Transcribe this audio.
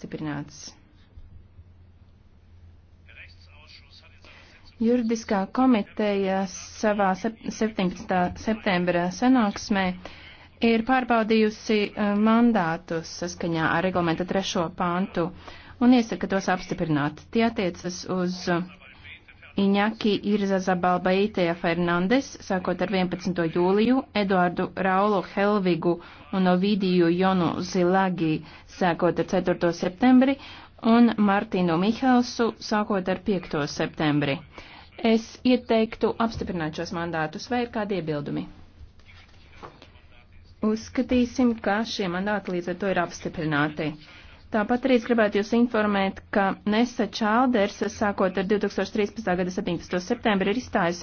stiprināts. Juridiskā komiteja savā 17. septembra sanāksmē ir pārbaudījusi uh, mandātus saskaņā ar reglamenta trešo pāntu un iesaka tos apstiprināt. Tie attiecas uz uh, Iņaki Irza Zabalba Iteja Fernandes, sākot ar 11. jūliju, Eduardu Raulo Helvigu un Ovidiju Jonu Zilagi, sākot ar 4. septembri, un Martinu Mihelsu, sākot ar 5. septembri. Es ieteiktu apstiprināt šos mandātus, vai ir kādi iebildumi? Uzskatīsim, ka šie mandāti līdz ar to ir apstiprināti. Tāpat arī es gribētu jūs informēt, ka Nesa Čalders, sākot ar 2013. gada 17. septembri, ir izstājusi